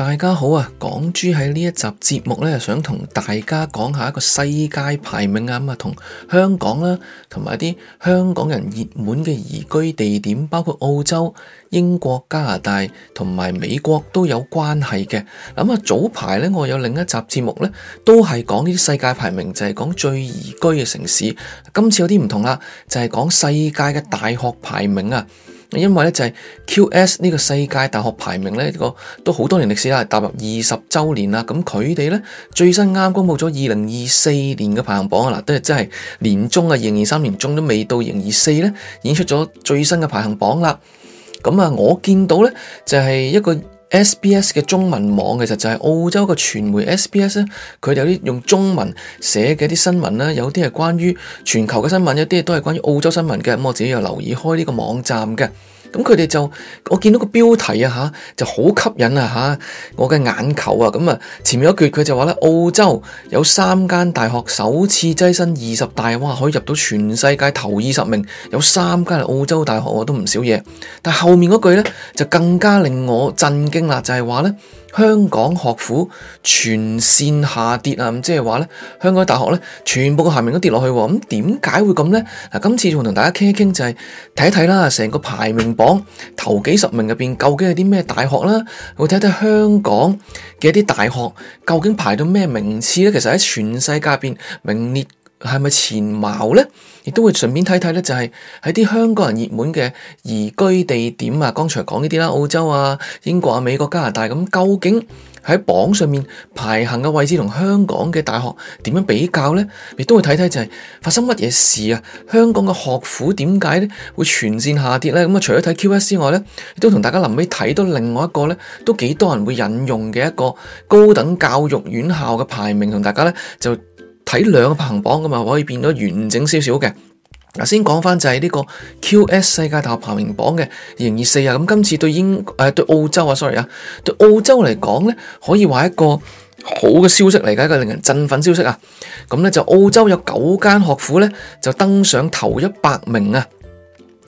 大家好啊！港珠喺呢一集節目咧，想同大家講下一個世界排名啊，咁啊同香港啦，同埋啲香港人熱門嘅移居地點，包括澳洲、英國、加拿大同埋美國都有關係嘅。咁啊，早排咧，我有另一集節目咧，都係講呢啲世界排名，就係講最宜居嘅城市。今次有啲唔同啦，就係講世界嘅大學排名啊！因為呢，就係 QS 呢個世界大學排名呢、這個都好多年歷史啦，踏入二十周年啦。咁佢哋呢，最新啱公布咗二零二四年嘅排行榜啊！嗱，都係真係年中啊，二零二三年中都未到，二零二四呢，演出咗最新嘅排行榜啦。咁啊，我見到呢，就係、是、一個 SBS 嘅中文網，其實就係、是、澳洲嘅傳媒 SBS 呢，佢有啲用中文寫嘅一啲新聞咧，有啲係關於全球嘅新聞，有啲都係關於澳洲新聞嘅。咁我自己又留意開呢個網站嘅。咁佢哋就我見到個標題啊吓，就好吸引啊吓我嘅眼球啊，咁啊前面一句佢就話咧，澳洲有三間大學首次躋身二十大，哇，可以入到全世界頭二十名，有三間係澳洲大學我都唔少嘢，但係後面嗰句咧就更加令我震驚啦，就係話咧。香港學府全線下跌啊！即係話咧，香港大學咧，全部個排名都跌落去喎。咁點解會咁咧？嗱，今次我同大家傾一傾就係睇一睇啦，成個排名榜頭幾十名入邊究竟係啲咩大學啦？我睇一睇香港嘅一啲大學究竟排到咩名次咧？其實喺全世界入邊名列係咪前茅呢？亦都會順便睇睇呢就係喺啲香港人熱門嘅移居地點啊，剛才講呢啲啦，澳洲啊、英國啊、美國、加拿大咁，究竟喺榜上面排行嘅位置同香港嘅大學點樣比較呢？亦都會睇睇，就係發生乜嘢事啊？香港嘅學府點解呢會全線下跌呢？咁啊，除咗睇 QS 之外呢，亦都同大家臨尾睇到另外一個呢，都幾多人會引用嘅一個高等教育院校嘅排名，同大家呢。就。睇兩個排行榜咁啊，可以變得完整少少嘅。嗱，先講返就係呢個 QS 世界大學排名榜嘅二零二四啊。咁今次對英誒對澳洲啊，sorry 啊，對澳洲嚟講咧，可以話一個好嘅消息嚟嘅，一個令人振奮消息啊。咁咧就澳洲有九間學府咧就登上頭一百名啊。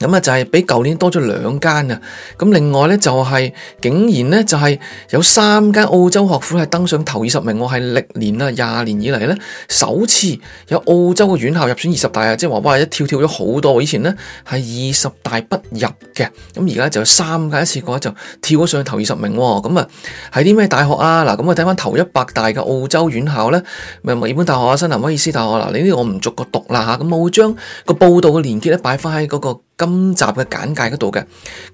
咁啊，就係比舊年多咗兩間啊！咁另外咧、就是，就係竟然咧，就係有三間澳洲學府係登上頭二十名。我係歷年啊，廿年以嚟咧，首次有澳洲嘅院校入選二十大啊！即係話哇，一跳跳咗好多。以前咧係二十大不入嘅，咁而家就三間一次過就跳咗上頭二十名喎。咁啊，係啲咩大學啊？嗱，咁啊睇翻頭一百大嘅澳洲院校咧，咪墨爾本大學啊、新南威爾斯大學嗱，你呢度我唔逐個讀啦吓，咁我會將個報道嘅連結咧擺翻喺嗰個。今集嘅簡介嗰度嘅，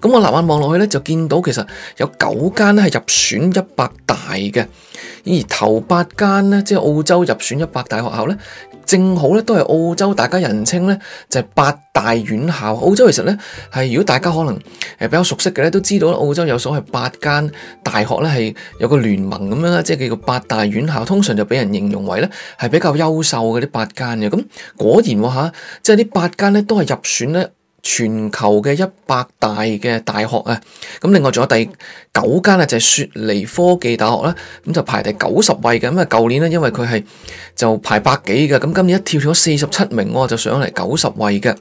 咁我立眼望落去咧，就見到其實有九間咧係入選一百大嘅，而頭八間咧，即係澳洲入選一百大學校咧，正好咧都係澳洲大家人稱咧就係八大院校。澳洲其實咧係如果大家可能誒比較熟悉嘅咧，都知道澳洲有所謂八間大學咧係有個聯盟咁樣，即係叫做八大院校，通常就俾人形容為咧係比較優秀嘅啲八間嘅。咁果然喎嚇，即係啲八間咧都係入選咧。全球嘅一百大嘅大學啊，咁另外仲有第九間啊，就係雪梨科技大學啦，咁就排第九十位嘅。咁啊，舊年咧，因為佢係就排百幾嘅，咁今年一跳咗四十七名，我就上嚟九十位嘅。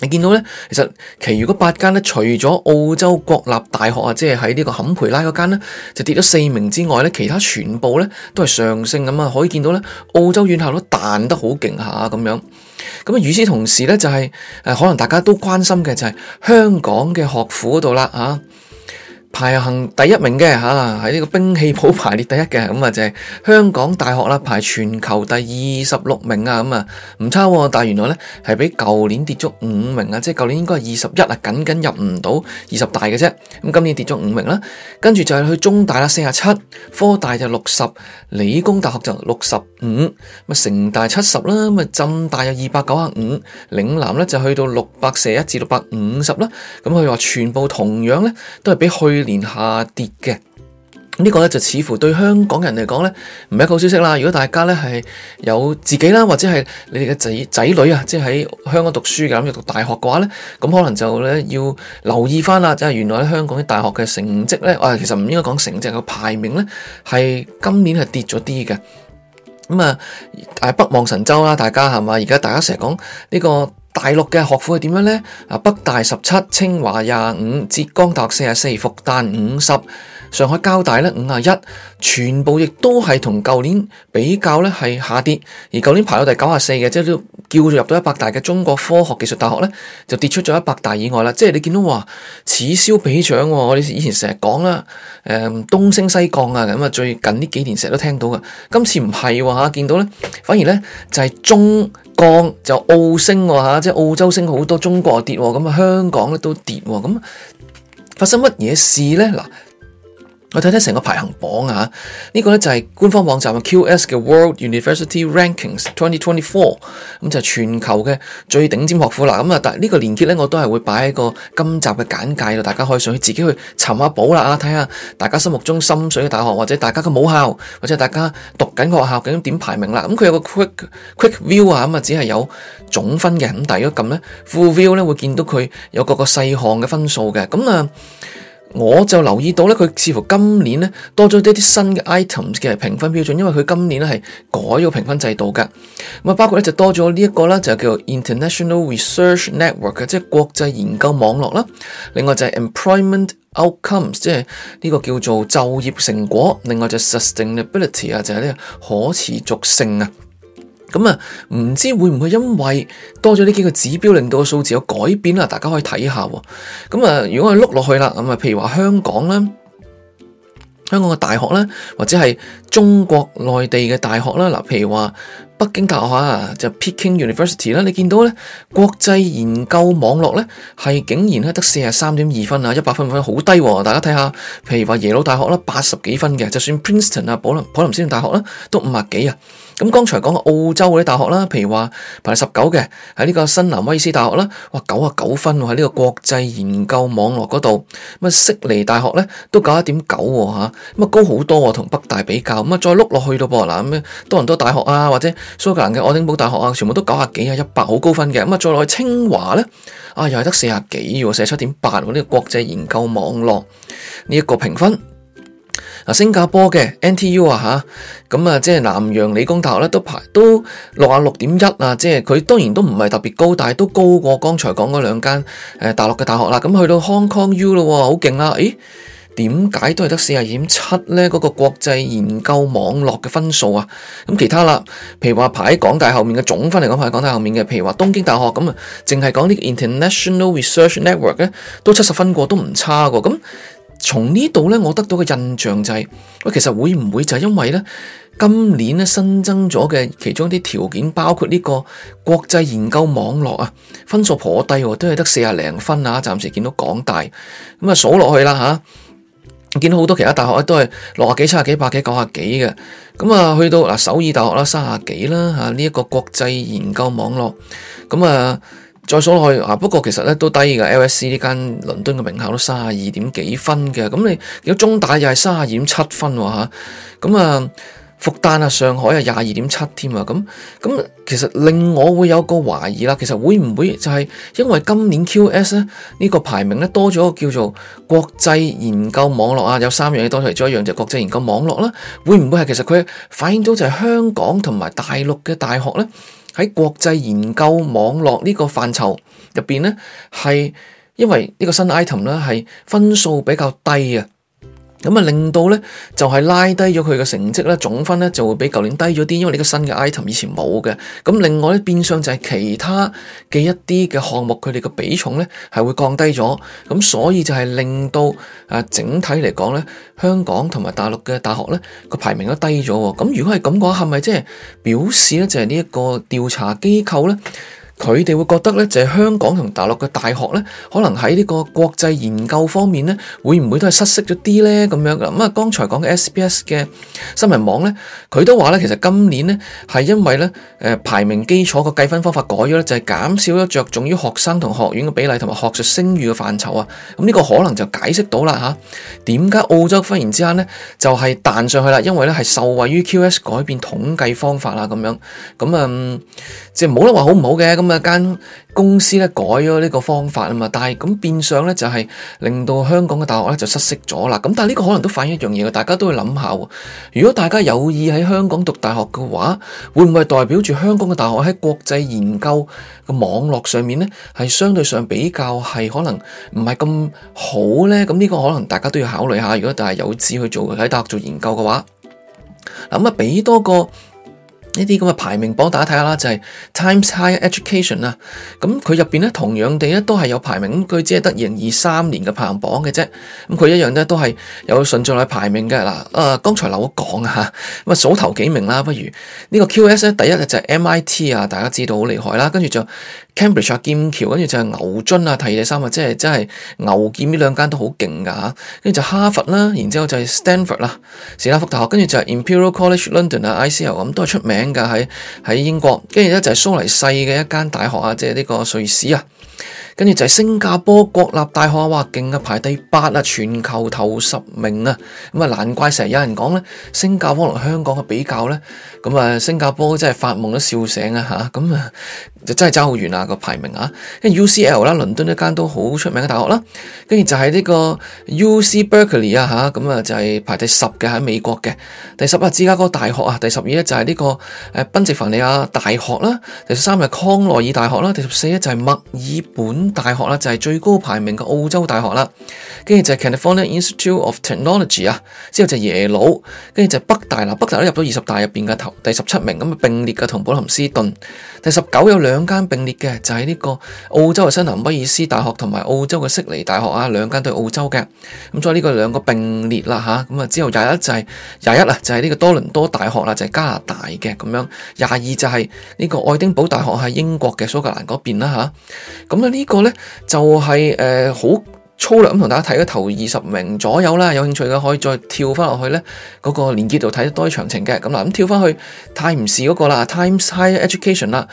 你見到咧，其實其餘嘅八間咧，除咗澳洲國立大學啊，即係喺呢個坎培拉嗰間咧，就跌咗四名之外咧，其他全部咧都係上升咁啊，可以見到咧，澳洲院校都彈得好勁下咁樣。咁啊，與此同時咧，就係誒，可能大家都關心嘅就係、是、香港嘅學府嗰度啦，嚇、啊。排行第一名嘅吓，喺呢個兵器譜排列第一嘅，咁、嗯、啊就係、是、香港大學啦，排全球第二十六名啊，咁啊唔差喎，但係原來咧係比舊年跌咗五名啊，即係舊年應該係二十一啊，僅僅入唔到二十大嘅啫，咁今年跌咗五名啦，跟住就係去中大啦四啊七，科大就六十，理工大學就六十五，咁啊城大七十啦，咁啊浸大有二百九啊五，嶺南咧就去到六百四一至六百五十啦，咁佢話全部同樣咧都係比去。年下跌嘅，呢、這個呢，就似乎對香港人嚟講呢，唔係一個好消息啦。如果大家呢係有自己啦，或者係你哋嘅仔仔女啊，即係喺香港讀書嘅，咁要讀大學嘅話呢，咁可能就呢要留意返啦。即係原來香港啲大學嘅成績呢，啊，我其實唔應該講成績嘅，排名呢係今年係跌咗啲嘅。咁、嗯、啊，啊北望神州啦、啊，大家係嘛？而家大家成日講呢個。大陸嘅學府係點樣呢？啊，北大十七，清華廿五，浙江大學四十四，復旦五十。上海交大咧五十一，51，全部亦都係同舊年比較咧係下跌，而舊年排到第九十四嘅，即係都叫做入到一百大嘅中國科學技術大學呢，就跌出咗一百大以外啦。即係你見到話此消彼長、哦，我哋以前成日講啦，誒、嗯、東升西降啊，咁啊最近呢幾年成日都聽到嘅，今次唔係吓，見到呢反而呢，就係、是、中降就澳升吓、哦，即係澳洲升好多，中國跌咁、哦、啊、嗯，香港都跌咁、哦嗯，發生乜嘢事呢？嗱？我睇睇成個排行榜啊！呢、這個呢就係、是，官方網站嘅 QS 嘅 World University Rankings 2024，咁就係全球嘅最頂尖學府啦。咁啊，但、這、呢個鏈接呢，我都係會擺一個今集嘅簡介，大家可以上去自己去尋下寶啦啊！睇下大家心目中心水嘅大學，或者大家嘅母校，或者大家讀緊個學校究竟點排名啦。咁、啊、佢、嗯、有個 quick quick view 啊，咁、嗯、啊，只係有總分嘅。咁但係如果撳咧 full view 呢，會見到佢有各個細項嘅分數嘅。咁啊。嗯啊我就留意到咧，佢似乎今年咧多咗一啲新嘅 items 嘅評分標準，因為佢今年咧係改咗評分制度嘅。咁啊，包括咧就多咗呢一個啦，就叫 international research network 嘅，即係國際研究網絡啦。另外就係 employment outcomes，即係呢個叫做就業成果。另外就係 sustainability 啊，就係呢個可持續性啊。咁啊，唔、嗯、知會唔會因為多咗呢幾個指標，令到個數字有改變啦？大家可以睇下。咁、嗯、啊，如果係碌落去啦，咁啊，譬如話香港啦，香港嘅大學啦，或者係中國內地嘅大學啦，嗱，譬如話北京大學啊，就是、Peking University 啦，你見到咧，國際研究網絡咧係竟然咧得四十三點二分啊，一百分分好低，哦。大家睇下，譬如話耶魯大學啦，八十幾分嘅，就算 Princeton 啊，普林普林斯頓大學啦，都五啊幾啊。咁剛才講澳洲嗰啲大學啦，譬如話排第十九嘅喺呢個新南威斯大學啦，哇九十九分喎，喺呢個國際研究網絡嗰度，悉尼大學呢都九一點九吓，咁啊高好多同北大比較，咁啊再碌落去咯噃，嗱，多倫多大學啊或者蘇格蘭嘅愛丁堡大學啊，全部都九十幾啊一百好高分嘅，咁啊再落去清華呢，啊又係得四十幾，四十七點八喎，呢個國際研究網絡呢一個評分。啊，新加坡嘅 NTU 啊，嚇，咁啊，即係南洋理工大學咧，都排都六啊六點一啊，即係佢當然都唔係特別高，但係都高過剛才講嗰兩間大陸嘅大學啦。咁、啊、去到 Hong Kong U 咯、啊，好勁啦、啊！誒、哎，點解都係得四啊二點七咧？嗰、那個國際研究網絡嘅分數啊，咁、啊、其他啦，譬如話排喺港大後面嘅總分嚟講，排喺港大後面嘅，譬如話東京大學咁啊，淨係講呢個 International Research Network 咧，都七十分過，都唔差過咁。從呢度呢，我得到嘅印象就係，喂，其實會唔會就係因為咧，今年咧新增咗嘅其中啲條件，包括呢個國際研究網絡啊，分數頗低，都係得四十零分啊，暫時見到港大咁啊數落去啦吓，見到好多其他大學都係六十幾、七十幾、八幾、九十幾嘅，咁啊去到嗱首爾大學啦，三十幾啦，吓呢一個國際研究網絡，咁啊。再數落去啊，不過其實咧都低嘅，L S C 呢間倫敦嘅名校都三十二點幾分嘅，咁你如果中大又係三十二點七分喎咁啊復旦啊上海啊廿二點七添啊，咁咁其實令我會有個懷疑啦，其實會唔會就係因為今年 Q S 咧呢個排名咧多咗個叫做國際研究網絡啊，有三樣嘢多咗，其中一樣就係國際研究網絡啦，會唔會係其實佢反映到就係香港同埋大陸嘅大學咧？喺國際研究網絡呢個範疇入邊咧，係因為呢個新 item 咧係分數比較低啊。咁啊，令到咧就係拉低咗佢嘅成績咧，總分咧就會比舊年低咗啲，因為呢個新嘅 item 以前冇嘅。咁另外咧變相就係其他嘅一啲嘅項目，佢哋嘅比重咧係會降低咗。咁所以就係令到啊整體嚟講咧，香港同埋大陸嘅大學咧個排名都低咗。咁如果係咁嘅話，係咪即係表示咧就係呢一個調查機構咧？佢哋會覺得呢，就係、是、香港同大陸嘅大學呢，可能喺呢個國際研究方面呢，會唔會都係失色咗啲呢？咁樣嘅？咁啊，剛才講嘅 SBS 嘅新聞網呢，佢都話呢，其實今年呢，係因為呢，誒排名基礎個計分方法改咗呢，就係、是、減少咗着重於學生同學院嘅比例，同埋學術聲譽嘅範疇啊。咁呢、這個可能就解釋到啦吓，點、啊、解澳洲忽然之間呢，就係、是、彈上去啦？因為呢，係受惠於 QS 改變統計方法啦，咁樣咁啊、嗯，即係冇得話好唔好嘅。咁啊間公司咧改咗呢個方法啊嘛，但係咁變相咧就係令到香港嘅大學咧就失色咗啦。咁但係呢個可能都反映一樣嘢嘅，大家都要諗下。如果大家有意喺香港讀大學嘅話，會唔會代表住香港嘅大學喺國際研究嘅網絡上面咧，係相對上比較係可能唔係咁好咧？咁呢個可能大家都要考慮下。如果就大家有志去做喺大學做研究嘅話，咁啊俾多個。呢啲咁嘅排名榜大家睇下啦，就係、是、Times Higher Education 啊，咁佢入邊咧，同樣地咧，都係有排名，佢只係得二零二三年嘅排行榜嘅啫，咁佢一樣咧，都係有順序嚟排名嘅嗱，啊剛才留咗講吓，咁啊數頭幾名啦，不如、這個、呢個 QS 咧，第一就係 MIT 啊，大家知道好厲害啦，跟住就。Cambridge 啊劍橋，跟住就係牛津啊，第二第三啊，即係即係牛劍呢兩間都好勁噶嚇，跟住就哈佛啦，然之後就係 Stanford 啦，史丹福大學，跟住就係 Imperial College London 啊，ICL 咁都係出名噶，喺喺英國，跟住咧就係蘇黎世嘅一間大學啊，即係呢個瑞士啊。跟住就係新加坡國立大學啊，哇，勁啊，排第八啊，全球頭十名啊，咁啊，難怪成日有人講咧，新加坡同香港嘅比較咧，咁啊，新加坡真係發夢都笑醒啊吓，咁啊，就、啊啊、真係爭好遠啊個排名啊，跟 UCL 啦，倫敦一間都好出名嘅大學啦，跟住就係呢個 UC Berkeley 啊吓，咁啊就係、啊、排第十嘅喺美國嘅，第十啊芝加哥大學啊，第十二咧就係呢個誒賓夕凡尼亞大學啦，第十三係康奈爾大學啦，第十四咧就係墨爾本大學啦，就係、是、最高排名嘅澳洲大學啦，跟住就係 California Institute of Technology 啊，之後就係耶魯，跟住就係北大啦。北大都入到二十大入邊嘅頭第十七名，咁啊，並列嘅同普林斯頓。第十九有兩間並列嘅，就係、是、呢個澳洲嘅新南威爾斯大學同埋澳洲嘅悉尼大學啊，兩間都係澳洲嘅，咁所以呢個兩個並列啦吓，咁啊，之後廿一就係廿一啊，就係呢個多倫多大學啦，就係、是、加拿大嘅咁樣。廿二就係呢個愛丁堡大學喺英國嘅蘇格蘭嗰邊啦吓，咁啊呢、這個。就係誒，好粗略咁同大家睇咗頭二十名左右啦，有興趣嘅可以再跳翻落去呢，嗰個鏈接度睇得多啲詳情嘅咁。嗱，咁跳翻去泰晤士嗰個啦 Times Higher Education 啦，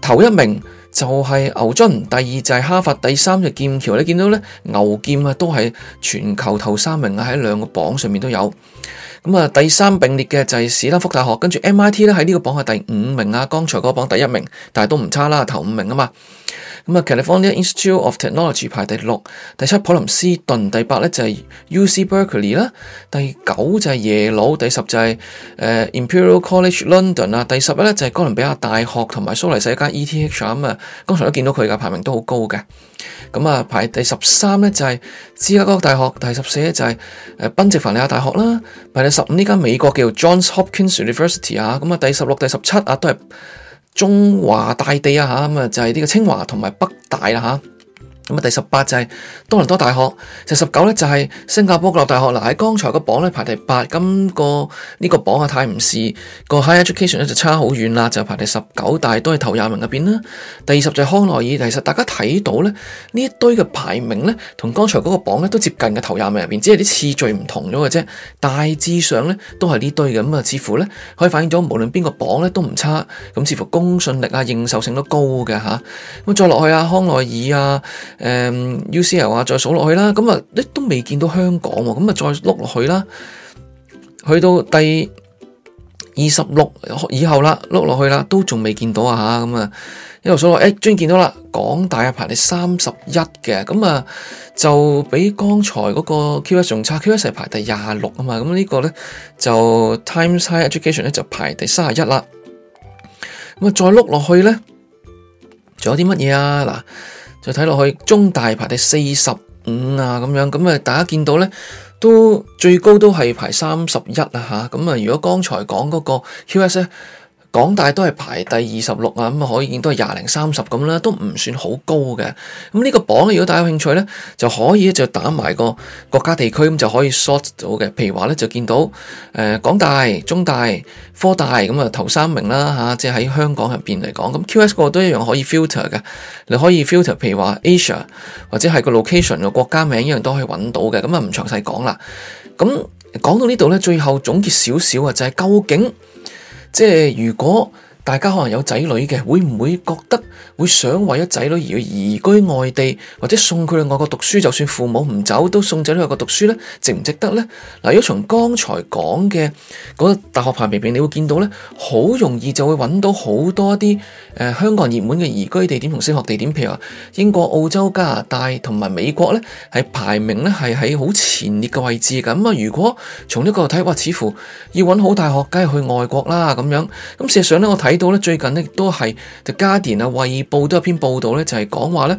頭一名就係牛津，第二就係哈佛，第三就劍橋。你見到呢，牛劍啊都係全球頭三名啊，喺兩個榜上面都有。咁啊，第三並列嘅就係史丹福大學，跟住 MIT 咧喺呢個榜係第五名啊。剛才嗰個榜第一名，但係都唔差啦，頭五名啊嘛。咁啊，California Institute of Technology 排第六、第七、普林斯頓第八咧就係 UC Berkeley 啦，第九就係耶魯，第十就係、是、誒、uh, Imperial College London 啊，第十一咧就係、是、哥倫比亞大學同埋蘇黎世一間 ETH 咁啊。剛才都見到佢嘅排名都好高嘅。咁啊，排第十三咧就係芝加哥大學，第十四咧就係誒賓夕法尼亞大學啦，排第十五呢間美國叫 Johns Hopkins University 啊，咁啊，第十六、第十七啊都係中華大地啊，咁啊就係呢個清華同埋北大啦。咁啊，第十八就係多倫多大學，第十九咧就係新加坡國立大學。嗱，喺剛才個榜咧排第八，咁個呢個榜啊太唔似個 Higher Education 咧就差好遠啦，就排第十九，但係都係頭廿名入邊啦。第二十就係康奈爾，其實大家睇到咧呢一堆嘅排名咧，同剛才嗰個榜咧都接近嘅頭廿名入邊，只係啲次序唔同咗嘅啫。大致上咧都係呢堆嘅，咁啊，似乎咧可以反映咗無論邊個榜咧都唔差，咁似乎公信力啊、認受性都高嘅吓，咁再落去啊，康奈爾啊。誒 UCL 啊，um, UC L, 再數落去啦，咁啊，都未見到香港喎，咁啊，再碌落去啦，去到第二十六以後啦，碌落去啦，都仲未見到啊嚇，咁啊，一路數落，誒，終於見到啦，港大啊，排第三十一嘅，咁啊，就比剛才嗰個 QS 仲差，QS 係排第二十六啊嘛，咁呢個咧就 Times Higher Education 咧就排第三十一啦，咁啊，再碌落去咧，仲有啲乜嘢啊嗱？就睇落去中大排嘅四十五啊咁樣，咁啊大家見到呢，都最高都係排三十一啊嚇，咁啊如果剛才講嗰個 QS 呢。港大都係排第二十六啊，咁啊可以見到係廿零三十咁啦，都唔算好高嘅。咁、這、呢個榜，如果大家有興趣咧，就可以就打埋個國家地區咁就可以 sort 到嘅。譬如話咧，就見到誒、呃、港大、中大、科大咁啊頭三名啦吓、啊，即係喺香港入邊嚟講。咁 QS 個都一樣可以 filter 嘅，你可以 filter 譬如話 Asia 或者係個 location 個國家名一樣都可以揾到嘅。咁啊唔詳細講啦。咁講到呢度咧，最後總結少少啊，就係、是、究竟。即係如果。這個大家可能有仔女嘅，會唔會覺得會想為咗仔女而去移居外地，或者送佢去外國讀書，就算父母唔走，都送仔女去外國讀書咧，值唔值得咧？嗱，如果從剛才講嘅嗰個大學排名你會見到咧，好容易就會揾到好多啲誒、呃、香港熱門嘅移居地點同升學地點，譬如話英國、澳洲、加拿大同埋美國咧，係排名咧係喺好前列嘅位置。咁啊，如果從呢個睇，哇似乎要揾好大學，梗係去外國啦咁樣。咁事實上咧，我睇。睇到咧，最近咧都係《The Guardian》啊，《衛報》都有篇報道咧，就係講話咧，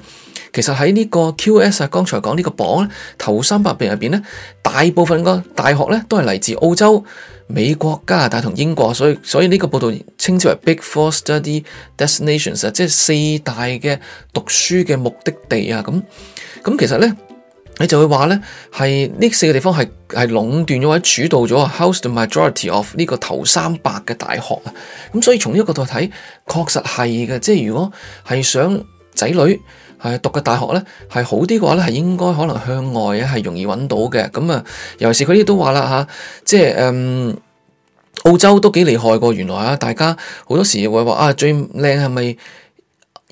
其實喺呢個 QS 啊，剛才講呢個榜咧，頭三百名入邊咧，大部分個大學咧都係嚟自澳洲、美國、加拿大同英國，所以所以呢個報道稱之為 Big Four Study Destinations，即係四大嘅讀書嘅目的地啊，咁咁其實咧。你就會話咧，係呢四個地方係係壟斷咗或者主導咗 house the majority of 呢個頭三百嘅大學啊，咁所以從呢個角度睇，確實係嘅。即係如果係想仔女係讀嘅大學咧，係好啲嘅話咧，係應該可能向外咧係容易揾到嘅。咁啊，尤其是佢哋都話啦吓，即係誒、嗯、澳洲都幾厲害嘅。原來啊，大家好多時會話啊，最靚係咪？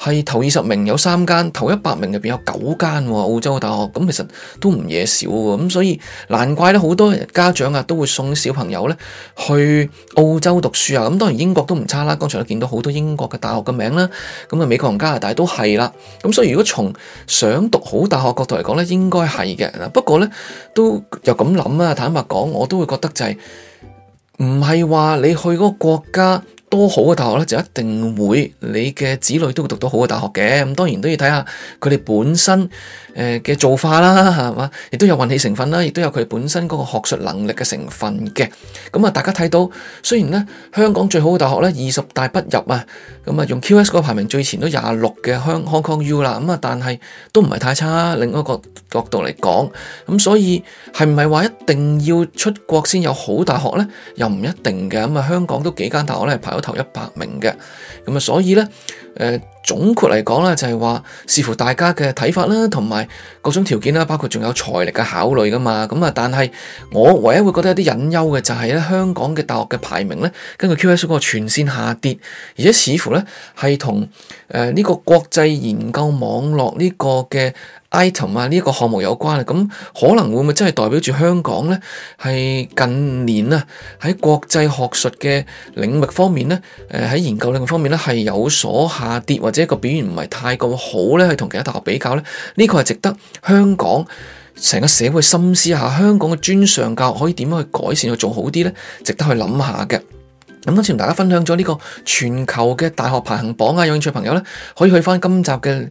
係頭二十名有三間，頭一百名入邊有九間澳洲嘅大學，咁其實都唔嘢少喎，咁所以難怪咧，好多家長啊都會送小朋友咧去澳洲讀書啊，咁當然英國都唔差啦，剛才都見到好多英國嘅大學嘅名啦，咁啊美國同加拿大都係啦，咁所以如果從想讀好大學角度嚟講咧，應該係嘅，不過咧都又咁諗啊，坦白講，我都會覺得就係唔係話你去嗰個國家。多好嘅大學咧，就一定會你嘅子女都會讀到好嘅大學嘅，咁當然都要睇下佢哋本身。誒嘅做法啦，係嘛？亦都有運氣成分啦，亦都有佢本身嗰個學術能力嘅成分嘅。咁、嗯、啊，大家睇到，雖然咧香港最好嘅大學咧二十大不入啊，咁、嗯、啊用 QS 嗰個排名最前都廿六嘅香 Hong Kong U 啦，咁、嗯、啊，但係都唔係太差。另一個角度嚟講，咁、嗯、所以係唔係話一定要出國先有好大學咧？又唔一定嘅。咁、嗯、啊，香港都幾間大學咧排到頭一百名嘅。咁、嗯、啊，所以咧誒。呃總括嚟講啦，就係話視乎大家嘅睇法啦，同埋各種條件啦，包括仲有財力嘅考慮噶嘛。咁啊，但係我唯一會覺得有啲隱憂嘅就係咧，香港嘅大學嘅排名咧，根據 QS 嗰個，全線下跌，而且似乎咧係同誒呢個國際研究網絡呢個嘅。item 啊呢一個項目有關啦，咁可能會唔會真係代表住香港呢？係近年啊喺國際學術嘅領域方面呢，誒喺研究領域方面呢，係有所下跌或者個表現唔係太過好呢。去同其他大學比較呢，呢個係值得香港成個社會深思下，香港嘅專上教育可以點樣去改善去做好啲呢？值得去諗下嘅。咁今次同大家分享咗呢個全球嘅大學排行榜啊，有興趣的朋友呢，可以去翻今集嘅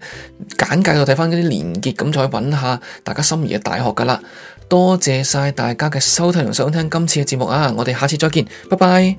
簡介度睇翻嗰啲連結，咁再揾下大家心儀嘅大學㗎喇。多謝曬大家嘅收睇同收聽今次嘅節目啊！我哋下次再見，拜拜。